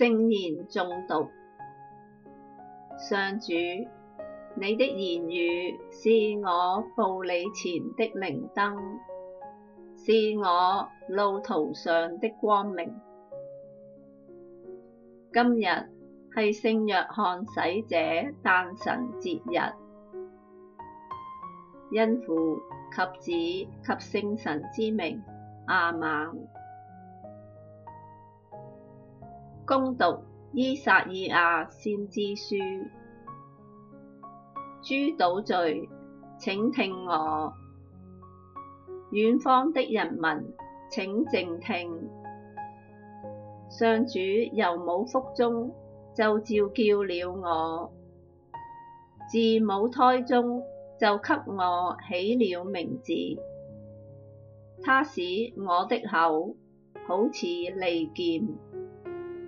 聖言誦讀：「上主，你的言語是我步履前的明燈，是我路途上的光明。今日係聖若翰洗者誕辰節日，因父及子及聖神之名，阿們。」恭讀《依撒意亞先知書》，諸島嶼，請聽我，遠方的人民，請靜聽，上主由母腹中就召叫了我，自母胎中就給我起了名字，他使我的口好似利劍。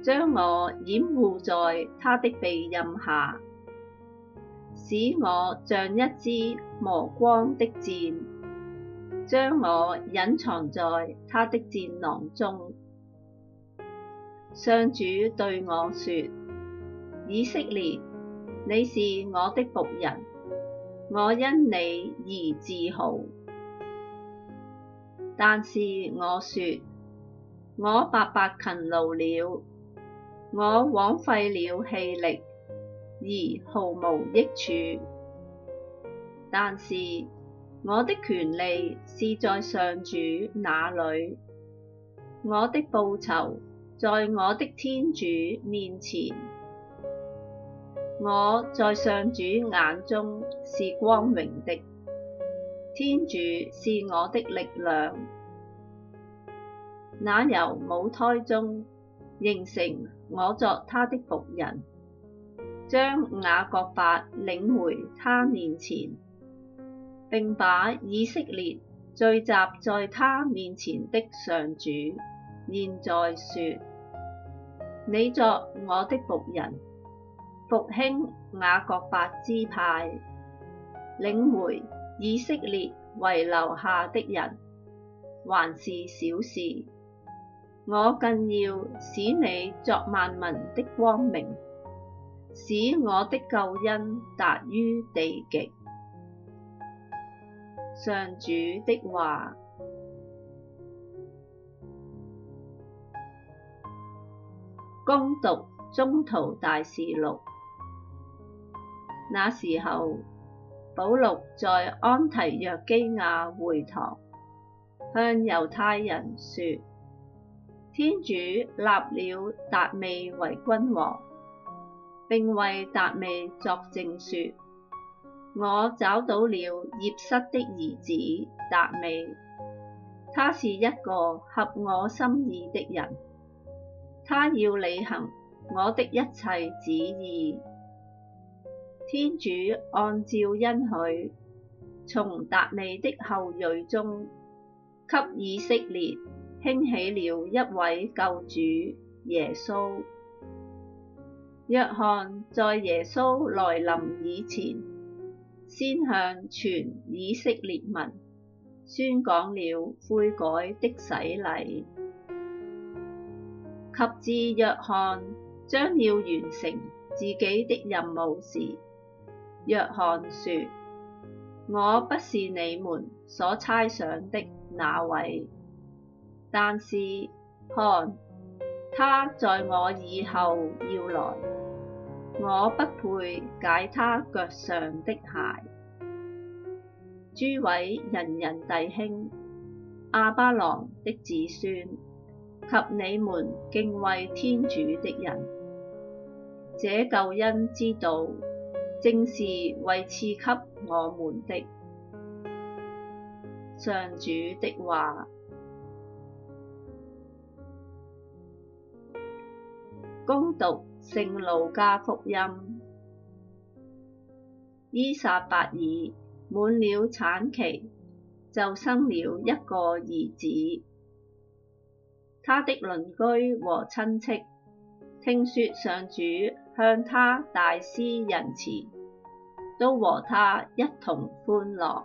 將我掩護在他的庇蔭下，使我像一支磨光的箭，將我隱藏在他的箭囊中。上主對我說：以色列，你是我的僕人，我因你而自豪。但是我說：我白白勤勞了。我枉費了氣力而毫無益處，但是我的權利是在上主那裡，我的報酬在我的天主面前，我在上主眼中是光榮的，天主是我的力量，那由母胎中。形成我作他的僕人，將雅各伯領回他面前，並把以色列聚集在他面前的上主，現在說：你作我的僕人，復興雅各伯支派，領回以色列遺留下的人，還是小事。我更要使你作萬民的光明，使我的救恩達於地極。上主的話。恭讀《宗徒大事錄》。那時候，保禄在安提約基雅會堂向猶太人說。天主立了達味為君王，並為達味作證説：我找到了葉瑟的兒子達味，他是一個合我心意的人，他要履行我的一切旨意。天主按照恩許，從達味的後裔中給以色列。興起了一位救主，耶穌。若翰在耶穌來臨以前，先向全以色列民，宣講了悔改的洗禮。及至若翰將要完成自己的任務時，若翰說：我不是你們所猜想的那位。但是，看，他在我以後要來，我不配解他腳上的鞋。諸位仁人弟兄，亞巴郎的子孫及你們敬畏天主的人，這救恩之道正是為賜給我們的。上主的話。恭讀《聖路加福音》伊薩，依撒伯爾滿了產期，就生了一個兒子。他的鄰居和親戚，聽說上主向他大施仁慈，都和他一同歡樂。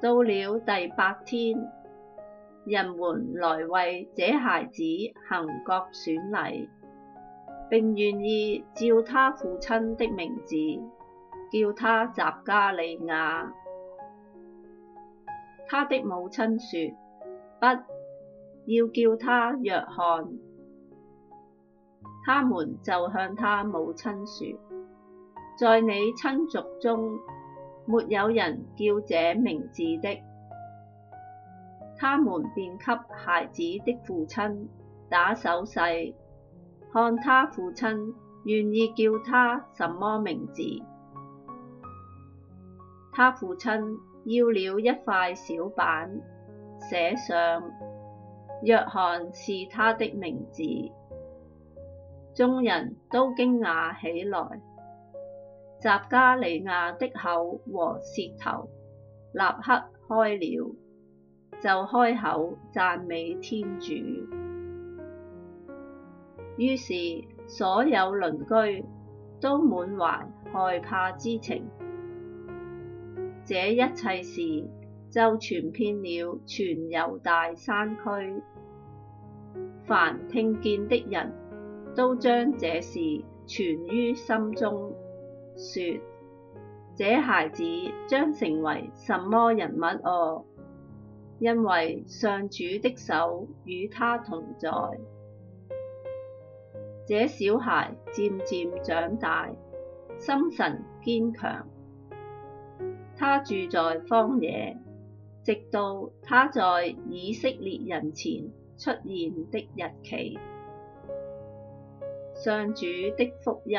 到了第八天，人們來為這孩子行割損禮，並願意照他父親的名字，叫他匝加利亞。他的母親說：不，要叫他若翰。他們就向他母親説：在你親族中，沒有人叫這名字的。他們便給孩子的父親打手勢，看他父親願意叫他什麼名字。他父親要了一塊小板，寫上「若翰」是他的名字。眾人都驚訝起來，匝加利亞的口和舌頭立刻開了。就開口讚美天主，於是所有鄰居都滿懷害怕之情。這一切事就傳遍了全猶大山區，凡聽見的人都將這事存於心中，說：這孩子將成為什麼人物哦、啊？因為上主的手與他同在，這小孩漸漸長大，心神堅強。他住在荒野，直到他在以色列人前出現的日期。上主的福音。